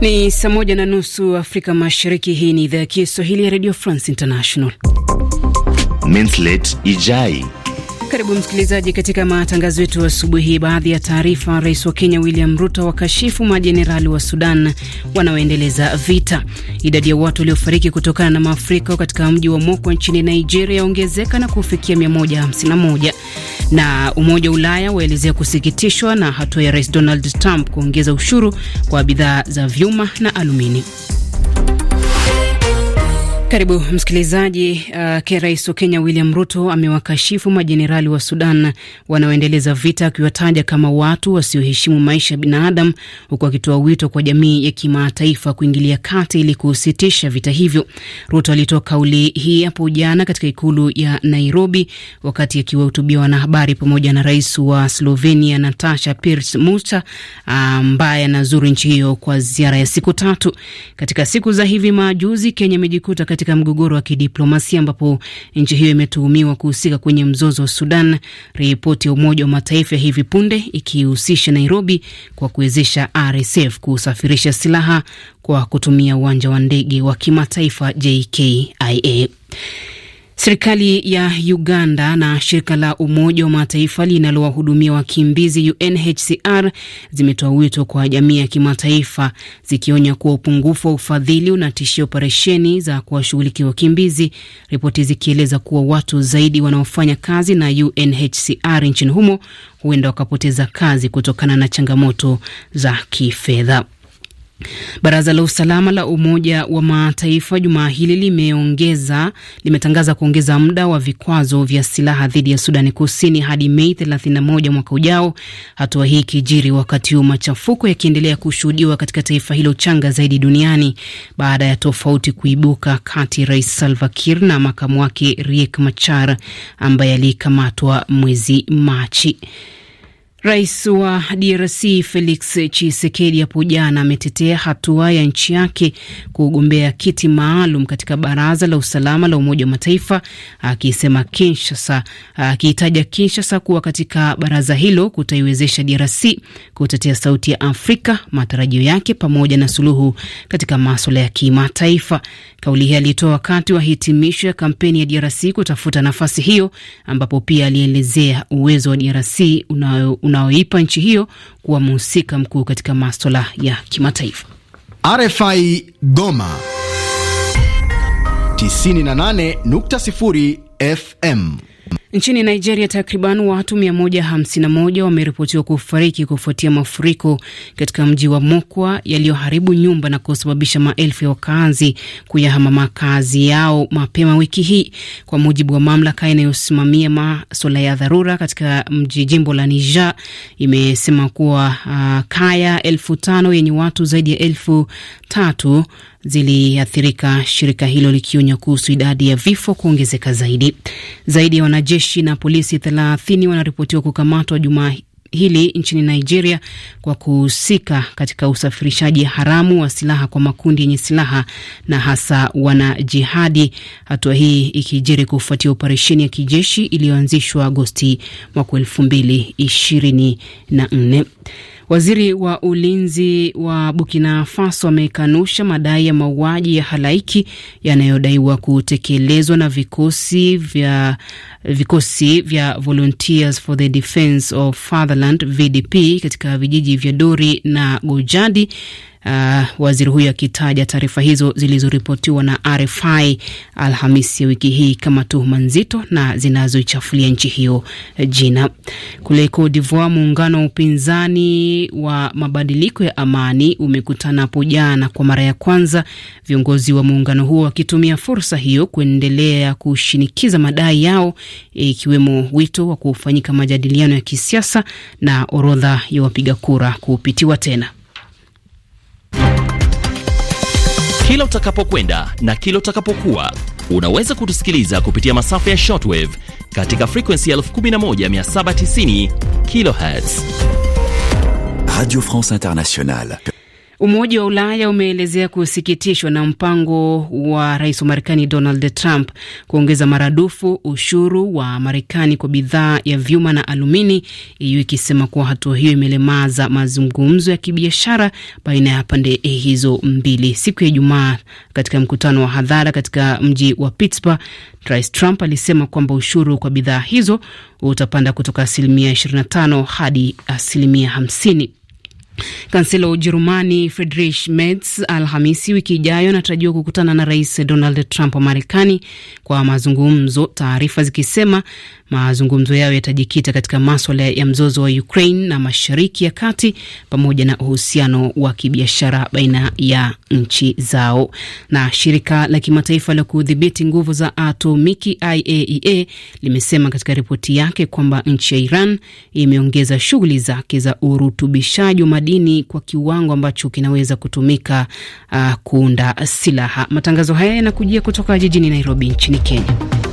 Ni saa moja na nusu Afrika Mashariki. Hii ni idhaa ya Kiswahili ya Radio France International. Mintlet Ijai. Karibu msikilizaji, katika matangazo yetu asubuhi hii. Baadhi ya taarifa: Rais wa Kenya William Ruto wakashifu majenerali wa Sudan wanaoendeleza vita. Idadi ya watu waliofariki kutokana na mafuriko katika mji wa Moko nchini Nigeria yaongezeka na kufikia 151. Na Umoja wa Ulaya waelezea kusikitishwa na hatua ya Rais Donald Trump kuongeza ushuru kwa bidhaa za vyuma na alumini. Karibu msikilizaji. Uh, Rais wa Kenya William Ruto amewakashifu majenerali wa Sudan wanaoendeleza vita akiwataja kama watu wasioheshimu maisha ya binadamu, huku akitoa wito kwa jamii ya kimataifa kuingilia kati ili kusitisha vita hivyo. Ruto alitoa kauli hii hapo jana katika ikulu ya Nairobi wakati akiwahutubia wanahabari pamoja na rais wa Slovenia Natasha Pirc Musta ambaye anazuru nchi hiyo kwa ziara ya siku tatu. Katika siku za hivi majuzi Kenya imejikuta katika mgogoro wa kidiplomasia ambapo nchi hiyo imetuhumiwa kuhusika kwenye mzozo wa Sudan, ripoti ya Umoja wa Mataifa ya hivi punde ikihusisha Nairobi kwa kuwezesha RSF kusafirisha silaha kwa kutumia uwanja wa ndege wa kimataifa JKIA. Serikali ya Uganda na shirika la Umoja wa Mataifa linalowahudumia wakimbizi UNHCR zimetoa wito kwa jamii ya kimataifa zikionya kuwa upungufu wa ufadhili unatishia operesheni za kuwashughulikia wakimbizi, ripoti zikieleza kuwa watu zaidi wanaofanya kazi na UNHCR nchini humo huenda wakapoteza kazi kutokana na changamoto za kifedha. Baraza la usalama la Umoja wa Mataifa jumaa hili limeongeza limetangaza kuongeza muda wa vikwazo vya silaha dhidi ya Sudani Kusini hadi Mei 31 mwaka ujao, hatua hii ikijiri wakati huu machafuko yakiendelea kushuhudiwa katika taifa hilo changa zaidi duniani baada ya tofauti kuibuka kati Rais Salva Kiir na makamu wake Riek Machar ambaye alikamatwa mwezi Machi. Rais wa DRC Felix chisekedi hapo jana ametetea hatua ya nchi yake kugombea kiti maalum katika baraza la usalama la Umoja wa Mataifa, akisema Kinshasa, akiitaja Kinshasa kuwa katika baraza hilo kutaiwezesha DRC kutetea sauti ya Afrika, matarajio yake pamoja na suluhu katika maswala ya kimataifa. Kauli hii alitoa wakati wa hitimisho ya kampeni ya DRC kutafuta nafasi hiyo, ambapo pia alielezea uwezo wa DRC unao una unaoipa nchi hiyo kuwa mhusika mkuu katika maswala ya kimataifa. RFI Goma 98.0 FM. Nchini Nigeria, takriban watu 151 wameripotiwa kufariki kufuatia mafuriko katika mji wa Mokwa yaliyoharibu nyumba na kusababisha maelfu ya wakazi kuyahama makazi yao mapema wiki hii, kwa mujibu wa mamlaka inayosimamia maswala ya dharura katika mji. Jimbo la Niger imesema kuwa uh, kaya elfu tano yenye watu zaidi ya elfu tatu ziliathirika, shirika hilo likionya kuhusu idadi ya vifo kuongezeka zaidi. Zaidi ya wanajeshi Jeshi na polisi thelathini wanaripotiwa kukamatwa Jumaa hili nchini Nigeria kwa kuhusika katika usafirishaji haramu wa silaha kwa makundi yenye silaha na hasa wanajihadi, hatua hii ikijiri kufuatia operesheni ya kijeshi iliyoanzishwa Agosti mwaka elfu mbili ishirini na nne. Waziri wa ulinzi wa Burkina Faso amekanusha madai ya mauaji ya halaiki yanayodaiwa kutekelezwa na vikosi vya, vikosi vya Volunteers for the Defence of Fatherland VDP katika vijiji vya Dori na Gojadi Uh, waziri huyo akitaja taarifa hizo zilizoripotiwa na RFI Alhamisi ya wiki hii kama tuhuma nzito na zinazoichafulia nchi hiyo jina. Kule Cote d'Ivoire, muungano wa upinzani wa mabadiliko ya amani umekutana hapo jana kwa mara ya kwanza, viongozi wa muungano huo wakitumia fursa hiyo kuendelea kushinikiza madai yao, ikiwemo e, wito wa kufanyika majadiliano ya kisiasa na orodha ya wapiga kura kupitiwa tena. Kila utakapokwenda na kila utakapokuwa unaweza kutusikiliza kupitia masafa ya shortwave katika frequency 11790 kilohertz. Radio France Internationale. Umoja wa Ulaya umeelezea kusikitishwa na mpango wa rais wa Marekani Donald Trump kuongeza maradufu ushuru wa Marekani kwa bidhaa ya vyuma na alumini, hiyo ikisema kuwa hatua hiyo imelemaza mazungumzo ya kibiashara baina ya pande hizo mbili. Siku ya Ijumaa, katika mkutano wa hadhara katika mji wa Pittsburgh, rais Trump alisema kwamba ushuru kwa bidhaa hizo utapanda kutoka asilimia 25 hadi asilimia 50. Kansela wa Ujerumani Friedrich Merz Alhamisi wiki ijayo anatarajiwa kukutana na Rais Donald Trump wa Marekani kwa mazungumzo, taarifa zikisema mazungumzo yao yatajikita katika maswala ya mzozo wa Ukraine na Mashariki ya Kati pamoja na uhusiano wa kibiashara baina ya nchi zao. Na shirika la kimataifa la kudhibiti nguvu za atomiki IAEA e limesema katika ripoti yake kwamba nchi ya Iran imeongeza shughuli zake za urutubishaji wa madini kwa kiwango ambacho kinaweza kutumika uh, kuunda silaha. Matangazo haya yanakujia kutoka jijini Nairobi nchini Kenya.